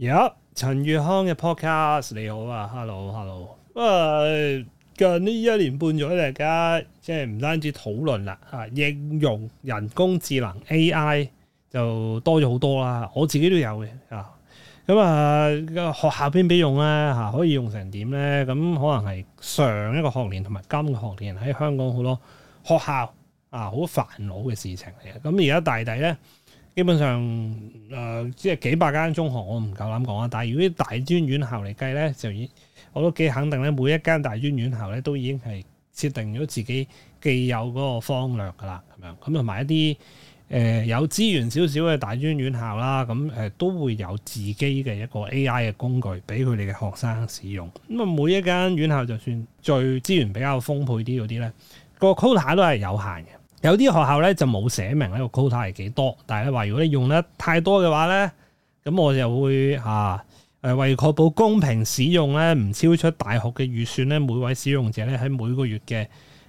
有、yep, 陳玉康嘅 podcast，你好啊，hello hello，咁啊，uh, 近呢一年半左咧，大家，即係唔單止討論啦，啊，應用人工智能 AI 就多咗好多啦，我自己都有嘅啊，咁啊，個學校邊邊用咧嚇、啊，可以用成點咧？咁可能係上一個學年同埋今個學年喺香港好多學校啊，好煩惱嘅事情嚟嘅，咁而家大弟咧。基本上誒，即、呃、係幾百間中學，我唔夠膽講啊！但係如果啲大專院校嚟計咧，就已我都幾肯定咧，每一間大專院校咧都已經係設定咗自己既有嗰個方略噶啦，咁樣咁同埋一啲誒、呃、有資源少少嘅大專院校啦，咁、啊、誒都會有自己嘅一個 AI 嘅工具俾佢哋嘅學生使用。咁啊，每一間院校就算最資源比較豐沛啲嗰啲咧，個 quota 都係有限嘅。有啲學校咧就冇寫明呢個 quota 係幾多，但係咧話如果你用得太多嘅話咧，咁我就會嚇誒、啊、為確保公平使用咧，唔超出大學嘅預算咧，每位使用者咧喺每個月嘅、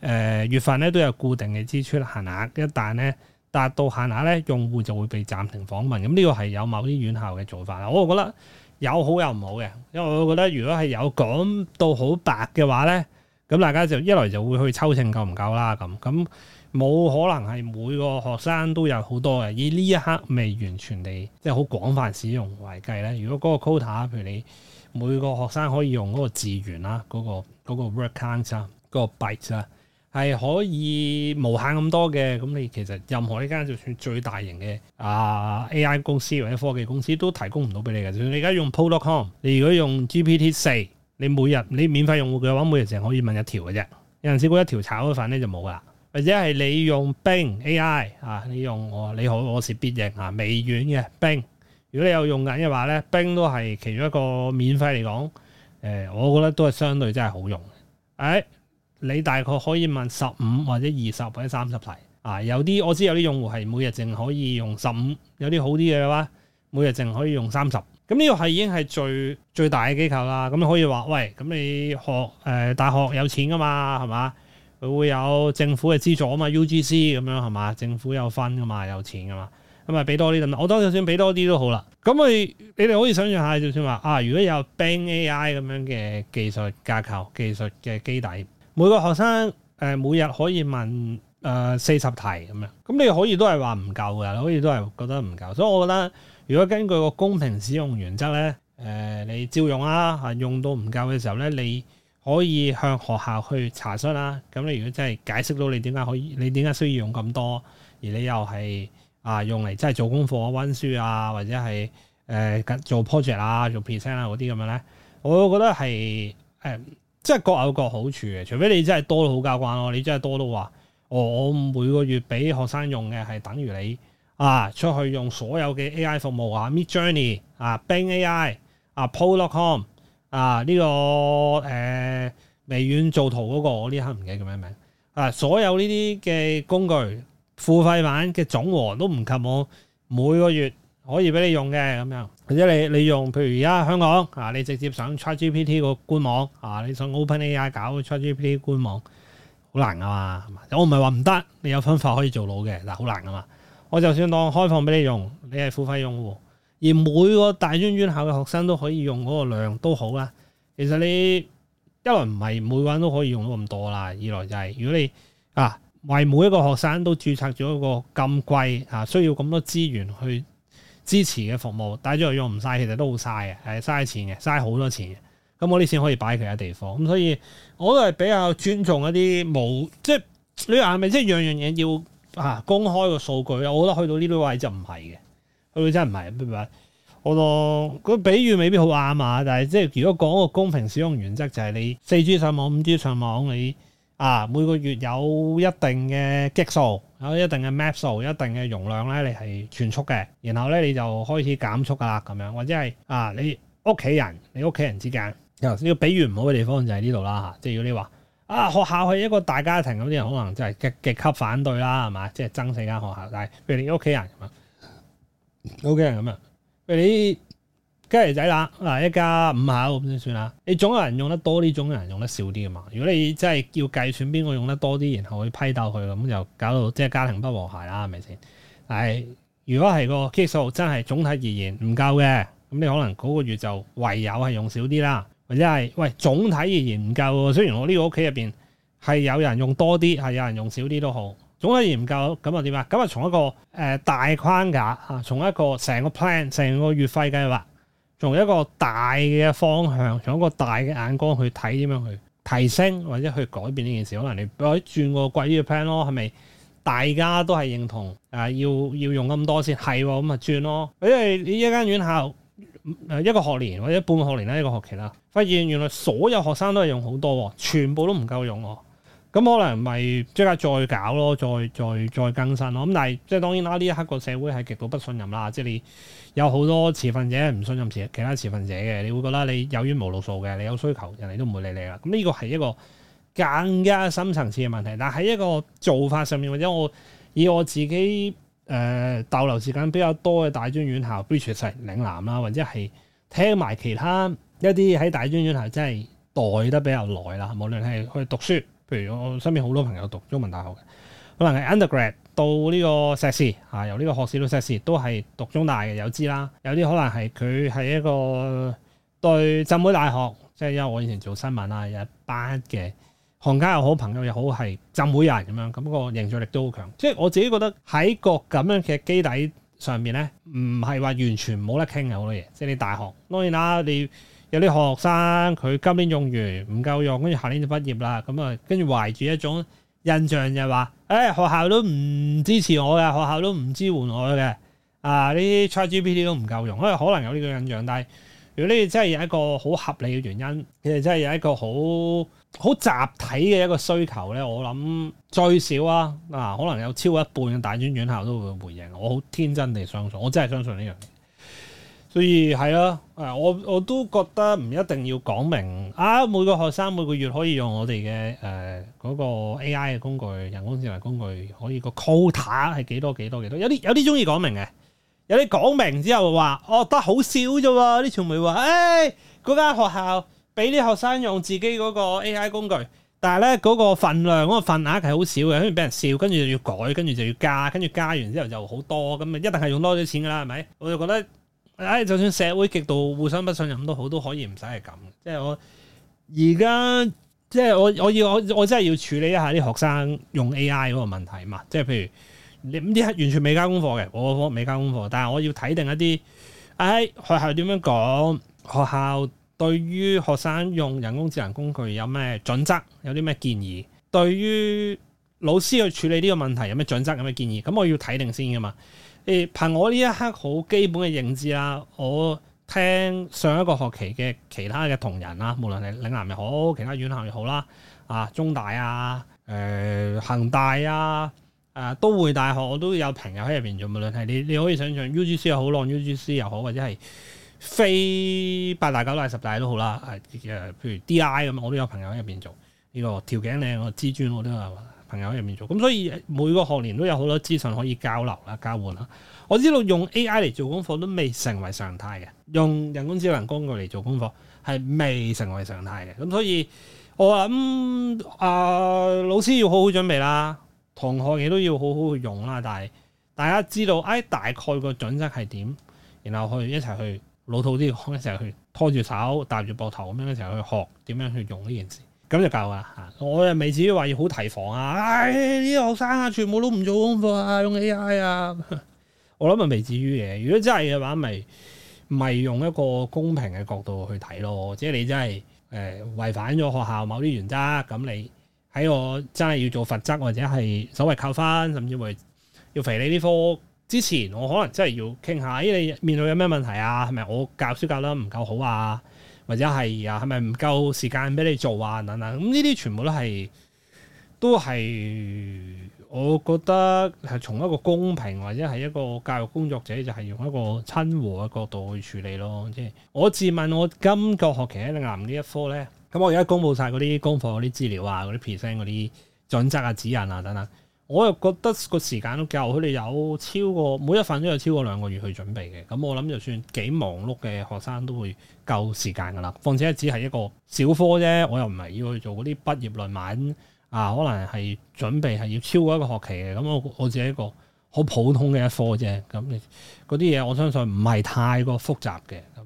呃、月份咧都有固定嘅支出限額，行一旦咧達到限額咧，用戶就會被暫停訪問。咁呢個係有某啲院校嘅做法，我覺得有好有唔好嘅，因為我覺得如果係有講到好白嘅話咧，咁大家就一來就會去抽秤夠唔夠啦，咁咁。冇可能係每個學生都有好多嘅，以呢一刻未完全地即係好廣泛使用為計咧。如果嗰個 quota，譬如你每個學生可以用嗰個字元啦、嗰個、嗰個、嗰個、work count 啦、嗰個 bytes 啦，係可以無限咁多嘅。咁你其實任何呢間就算最大型嘅啊 AI 公司或者科技公司都提供唔到俾你嘅。就算你而家用 pro dot com，你如果用 GPT 四，你每日你免費用戶嘅話，每日淨係可以問一條嘅啫。有陣時嗰一條炒咗飯咧就冇啦。或者係你用冰 AI 啊，你用我你好，我是必應啊，微軟嘅冰。如果你有用緊嘅話咧，冰都係其中一個免費嚟講。誒、呃，我覺得都係相對真係好用的。誒、哎，你大概可以問十五或者二十或者三十題啊？有啲我知道有啲用戶係每日淨可以用十五，有啲好啲嘅話，每日淨可以用三十。咁呢個係已經係最最大嘅機構啦。咁可以話喂，咁你學誒、呃、大學有錢噶嘛，係嘛？佢會有政府嘅資助啊嘛，UGC 咁樣係嘛？政府有分噶嘛，有錢噶嘛，咁咪俾多啲。我當就算俾多啲都好啦。咁咪你哋可以想象下，就算話啊，如果有 Bank AI 咁樣嘅技術架構、技術嘅基底，每個學生誒、呃、每日可以問誒四十題咁樣，咁你可以都係話唔夠嘅，你可以都係覺得唔夠。所以我覺得，如果根據個公平使用原則咧，誒、呃，你照用啊，用到唔夠嘅時候咧，你，可以向學校去查詢啦。咁你如果真係解釋到你點解可以，你點解需要用咁多，而你又係啊用嚟真係做功課啊、溫書啊，或者係、呃、做 project 啊、做 present 啊嗰啲咁樣咧，我覺得係即係各有各好處嘅。除非你真係多到好教慣咯、啊，你真係多到話，我我每個月俾學生用嘅係等於你啊出去用所有嘅 AI 服務啊，Midjourney 啊，Bang AI 啊 p o l l c o m 啊！呢個誒微軟做圖嗰個，我呢刻唔記得叫咩名啊！所有呢啲嘅工具付費版嘅總和都唔及我每個月可以俾你用嘅咁樣。或者你你用，譬如而家香港啊，你直接上 ChatGPT 個官網啊，你上 OpenAI 搞 ChatGPT 官網，好難噶嘛。我唔係話唔得，你有方法可以做到嘅，但係好難噶嘛。我就算當開放俾你用，你係付費用戶。而每個大專院校嘅學生都可以用嗰個量都好啦。其實你一來唔係每個人都可以用到咁多啦，二來就係如果你啊為每一個學生都註冊咗一個咁貴啊，需要咁多資源去支持嘅服務，大係又用唔晒，其實都好嘥嘅，係嘥錢嘅，嘥好多錢嘅。咁我啲錢可以擺喺其他地方。咁所以我都係比較尊重一啲冇即係你話係咪即係樣樣嘢要啊公開個數據啊？我覺得去到呢啲位置就唔係嘅。佢真唔係，我多、嗰個比喻未必好啱啊！但係即係如果講個公平使用原則，就係、是、你四 G 上網、五 G 上網，你啊每個月有一定嘅激數、有一定嘅 Mbps 一定嘅容量咧，你係全速嘅，然後咧你就開始減速啦咁樣，或者係啊你屋企人、你屋企人之間，有、這、呢個比喻唔好嘅地方就喺呢度啦吓即係如果你話啊，、就是、啊學校係一個大家庭咁，啲人可能就係極極級反對啦，係嘛？即係憎死間學校，但係譬如你屋企人咁。O.K. 咁啊，你家庭仔啦，嗱一家五口咁先算啦。你總有人用得多啲，總有人用得少啲噶嘛？如果你真係要計算邊個用得多啲，然後去批鬥佢，咁就搞到即係家庭不和諧啦，係咪先？但係如果係個基數真係總體而言唔夠嘅，咁你可能嗰個月就唯有係用少啲啦，或者係喂總體而言唔夠。雖然我呢個屋企入邊係有人用多啲，係有人用少啲都好。總體研究咁啊點啊？咁啊從一個誒、呃、大框架啊，從一個成個 plan、成個月費計劃，從一個大嘅方向，從一個大嘅眼光去睇點樣去提升或者去改變呢件事。可能你可以轉個貴啲嘅 plan 咯，係咪？大家都係認同啊，要要用咁多先係喎，咁啊噉就轉咯。因為你一間院校誒、呃、一個學年或者半個學年啦，一個學期啦，發現原來所有學生都係用好多，全部都唔夠用喎。咁、嗯、可能咪即刻再搞咯，再再再更新咯。咁、嗯、但係即係當然啦，呢一刻個社會係極度不信任啦。即係你有好多持份者唔信任其他持份者嘅，你會覺得你有冤無路訴嘅，你有需求人哋都唔會理你啦。咁呢個係一個更加深層次嘅問題。但係一個做法上面，或者我以我自己誒逗、呃、留時間比較多嘅大專院校，比如就係嶺南啦，或者係聽埋其他一啲喺大專院校真係待得比較耐啦，無論係去讀書。譬如我身邊好多朋友讀中文大學嘅，可能係 undergrad 到呢個碩士，嚇，啊，由呢個學士到碩士都係讀中大嘅，有知啦。有啲可能係佢係一個對浸會大學，即係因為我以前做新聞啊，有一班嘅行家又好，朋友又好係浸會人咁樣，咁個凝聚力都好強。即係我自己覺得喺個咁樣嘅基底上面咧，唔係話完全冇得傾嘅好多嘢，即係你大學，當然啦你。有啲學生佢今年用完唔夠用，跟住下年就畢業啦。咁啊，跟住懷住一種印象就話、是：，誒學校都唔支持我嘅，學校都唔支，支援我嘅。啊，呢啲 ChatGPT 都唔夠用，因、哎、為可能有呢個印象。但係如果你真係有一個好合理嘅原因，其實真係有一個好好集體嘅一個需求咧，我諗最少啊，啊，可能有超過一半嘅大專院校都會回應。我好天真地相信，我真係相信呢樣所以係咯，誒、啊，我我都覺得唔一定要講明啊每個學生每個月可以用我哋嘅誒嗰個 AI 嘅工具人工智能工具可以個 quota 係幾多幾多幾多少？有啲有啲中意講明嘅，有啲講明,明之後話，我得好少啫喎！啲傳媒話，誒嗰間學校俾啲學生用自己嗰個 AI 工具，但係咧嗰個份量嗰個份額係好少嘅，跟住俾人笑，跟住就要改，跟住就要加，跟住加完之後就好多，咁一定係用多啲錢㗎啦，係咪？我就覺得。唉、哎，就算社會極度互相不信任都好，都可以唔使係咁。即係我而家，即係、就是、我我要我我真係要處理一下啲學生用 AI 嗰個問題嘛。即係譬如你啲係完全未交功課嘅，我我未交功課，但係我要睇定一啲。唉、哎，學校點樣講？學校對於學生用人工智能工具有咩準則？有啲咩建議？對於老師去處理呢個問題有咩準則？有咩建議？咁我要睇定先噶嘛。誒、哎、憑我呢一刻好基本嘅認知啦、啊，我聽上一個學期嘅其他嘅同仁啦、啊，無論係嶺南又好，其他院校又好啦，啊中大啊，誒、呃、恒大啊，啊都會大學，我都有朋友喺入面做，無論係你你可以想象 UGC 又好，Non-UGC 又好，或者係非八大九大十大都好啦、啊，譬如 DI 咁，我都有朋友喺入面做，呢、這個條頸靚，我資專我都係。朋友喺入面做，咁所以每個學年都有好多資訊可以交流啦、交換啦。我知道用 AI 嚟做功課都未成為常態嘅，用人工智能工具嚟做功課係未成為常態嘅。咁所以我諗啊、嗯呃，老師要好好準備啦，同學亦都要好好去用啦。但係大家知道，欸大概個準則係點，然後去一齊去老土啲，一齊去拖住手、搭住膊頭咁樣一齊去學點樣去用呢件事。咁就夠啦，吓！我又未至於話要好提防啊！唉，呢個學生啊，全部都唔做功課啊，用 AI 啊，我諗咪未至於嘅。如果真係嘅話，咪咪用一個公平嘅角度去睇咯。即係你真係誒違反咗學校某啲原則，咁你喺我真係要做罰則，或者係所謂扣分，甚至乎要肥你啲科之前，我可能真係要傾下，咦、哎，你面對有咩問題啊？係咪我教書教得唔夠好啊？或者係呀，係咪唔夠時間俾你做啊？等等，咁呢啲全部都係，都係我覺得係從一個公平或者係一個教育工作者，就係用一個親和嘅角度去處理咯。即係我自問我，我今個學期喺嶺南呢一科咧，咁我而家公布晒嗰啲功課嗰啲資料啊，嗰啲 present 嗰啲準則啊、指引啊等等。我又覺得個時間都夠，佢哋有超過每一份都有超過兩個月去準備嘅。咁我諗就算幾忙碌嘅學生都會夠時間㗎啦。況且只係一個小科啫，我又唔係要去做嗰啲畢業論文啊，可能係準備係要超過一個學期嘅。咁我我只係一個好普通嘅一科啫。咁嗰啲嘢我相信唔係太過複雜嘅。咁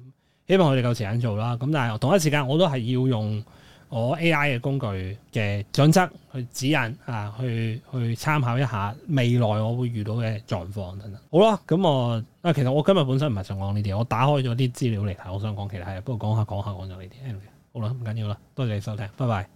希望佢哋夠時間做啦。咁但係同一時間我都係要用。我 AI 嘅工具嘅準則去指引啊，去去參考一下未來我會遇到嘅狀況等等。好啦，咁我啊，其實我今日本身唔係想講呢啲，我打開咗啲資料嚟睇，我想講其實係，不過講下講下講咗呢啲，anyway, 好啦，唔緊要啦，多謝你收聽，拜拜。